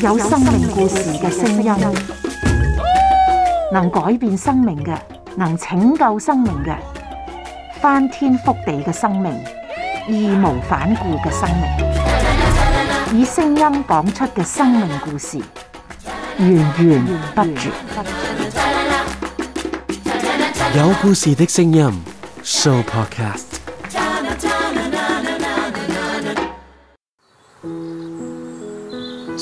有生命故事嘅聲音，能改變生命嘅，能拯救生命嘅，翻天覆地嘅生命，義無反顧嘅生命，以聲音講出嘅生命故事，源源不絕。有故事嘅聲音，Show Podcast。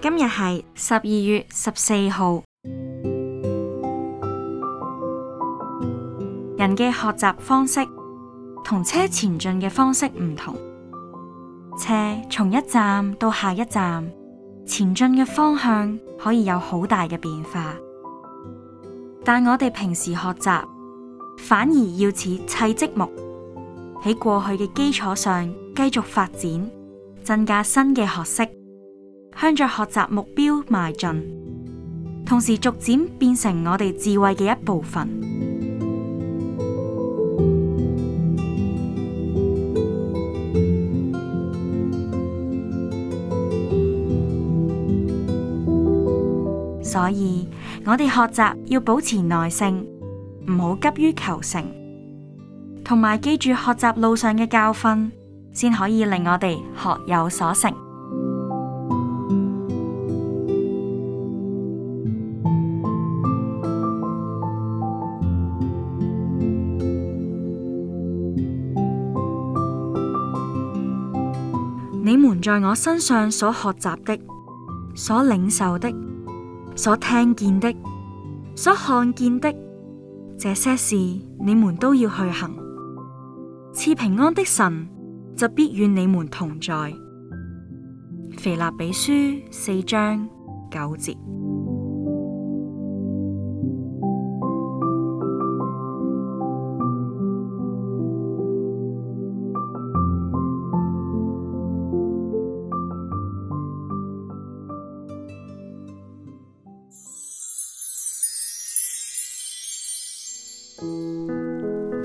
今日係十二月十四號。人嘅學習方式同車前進嘅方式唔同，車從一站到下一站，前進嘅方向可以有好大嘅變化，但我哋平時學習反而要似砌積木，喺過去嘅基礎上繼續發展，增加新嘅學識。向著學習目標邁進，同時逐漸變成我哋智慧嘅一部分。 所以，我哋學習要保持耐性，唔好急於求成，同埋記住學習路上嘅教訓，先可以令我哋學有所成。你們在我身上所學習的、所領受的、所聽見的、所看見的這些事，你們都要去行。賜平安的神就必與你們同在。腓立比書四章九節。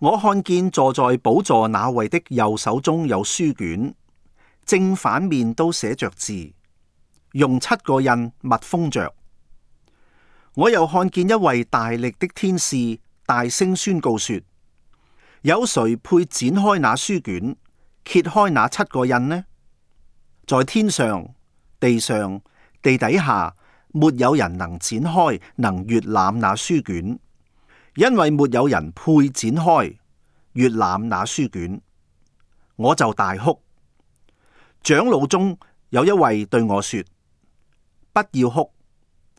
我看見坐在寶座那位的右手中有書卷，正反面都寫着字，用七個印密封着。我又看見一位大力的天使大聲宣告說：有誰配展開那書卷，揭開那七個印呢？在天上、地上、地底下，沒有人能展開，能閱覽那書卷。因為沒有人配展開閱覽那書卷，我就大哭。長老中有一位對我說：不要哭，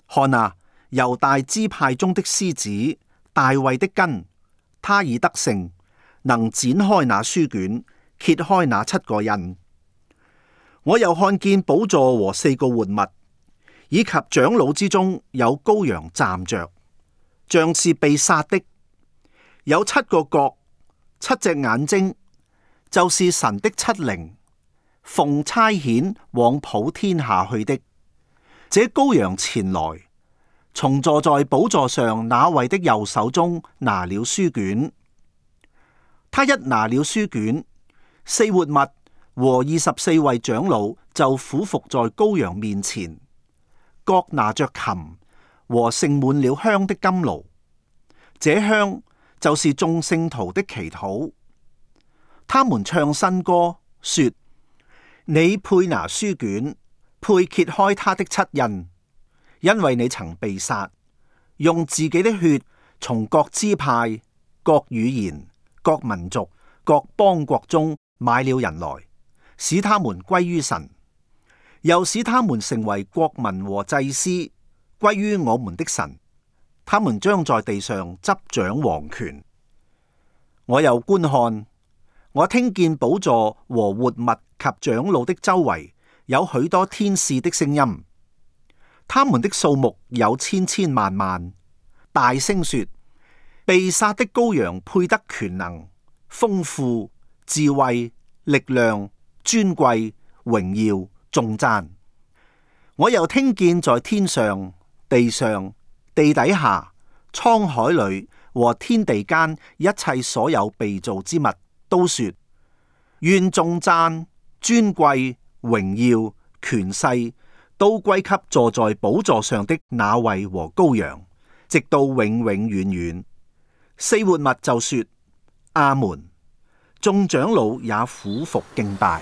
看啊，猶大支派中的獅子大衛的根，他已得勝，能展開那書卷，揭開那七個印。我又看見寶座和四個活物，以及長老之中有羔羊站着。像是被殺的，有七個角、七隻眼睛，就是神的七靈，奉差遣往普天下去的。這羔羊前來，從坐在寶座上那位的右手中拿了書卷。他一拿了書卷，四活物和二十四位長老就俯伏在羔羊面前，各拿着琴。和盛滿了香的金爐，這香就是眾聖徒的祈禱。他們唱新歌，說：你配拿書卷，配揭開他的七印，因為你曾被殺，用自己的血從各支派、各語言、各民族、各邦國中買了人來，使他們歸於神，又使他們成為國民和祭司。歸於我們的神，他們將在地上執掌王權。我又觀看，我聽見寶座和活物及長老的周圍有許多天使的聲音，他們的數目有千千萬萬，大聲說：被殺的羔羊配得權能、豐富、智慧、力量、尊貴、榮耀、重讚。我又聽見在天上。地上、地底下、滄海裏和天地間一切所有被造之物，都說願眾讚、尊貴、榮耀、權勢都歸給坐在寶座上的那位和羔羊，直到永永遠遠。四活物就說：阿門。眾長老也俯伏敬拜。